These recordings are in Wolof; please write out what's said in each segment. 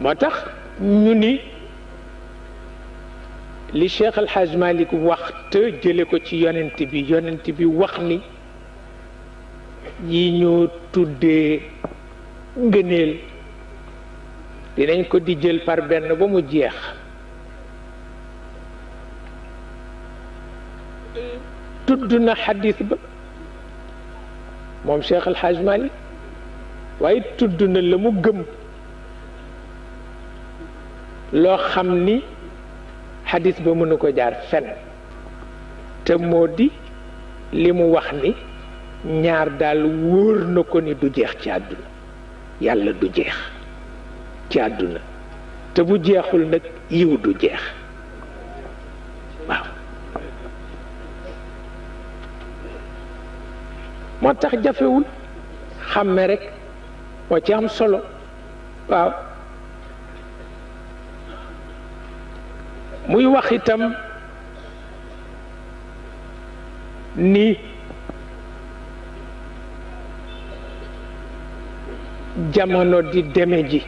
moo tax ñu ni li Cheikh Al Hadj wax te jële ko ci yonent bi yonent bi wax ni yi ñu tuddee ngëneel dinañ ko di jël par benn ba mu jeex tudd na xadis ba moom Cheikh Al Hadj waaye tudd na la mu gëm loo xam ni xadis ba mënu ko jaar fen te moo di li mu wax ni ñaar daal wóor na ko ni du jeex ci àdduna yàlla du jeex ci àdduna te bu jeexul nag yiw du jeex waaw moo tax jafewul xàmme rekk moo ci am solo waaw muy waxitam ni jamono di deme ji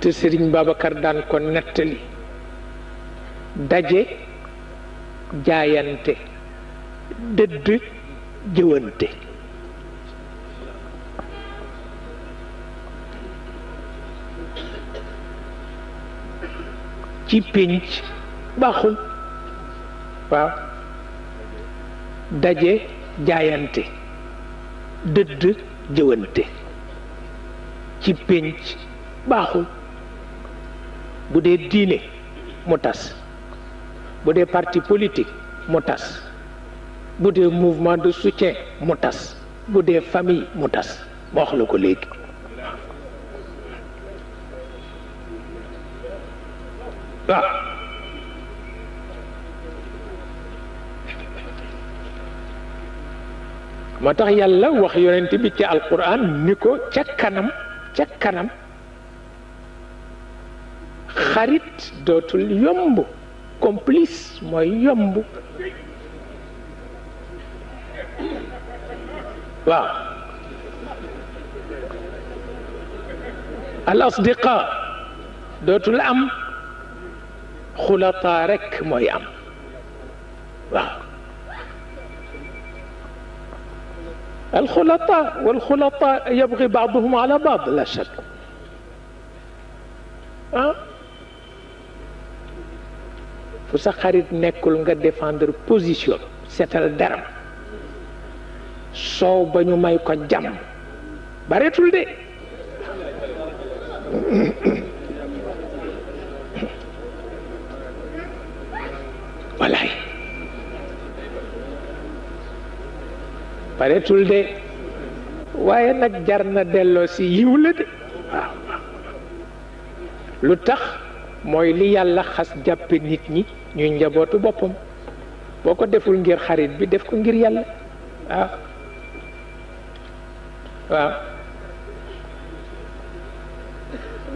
te Sëriñ Babacar daan ko nettali daje jaayante dëdd jëwante ci pénc baaxul waaw daje jaayante dëdd jëwante ci pénc baaxul bu dee diine mu tas bu dee parti politik mu tas bu dee mouvement de soutien mu tas bu dee famille mu tas ma wax la ko léegi waaw ah. moo tax yàlla wax yonent bi ci alquran ni ko ca kanam ca kanam xarit dootul yomb complice mooy yomb waaw al asdiqa dootul am خلطا رك مويام الخلطاء والخلطاء يبغي بعضهم على بعض لا شك فسا خريد نكل نغا ديفاندر بوزيسيون سيتال درم سو بانيو مايكو جام باريتول دي paretul de waaye nag jar na delloo si yiw la de lu tax mooy li yàlla xas jàppe nit ñi ñuy njabootu boppam boo ko deful ngir xarit bi def ko ngir yàlla waaw waaw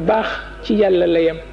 baax ci yàlla la yem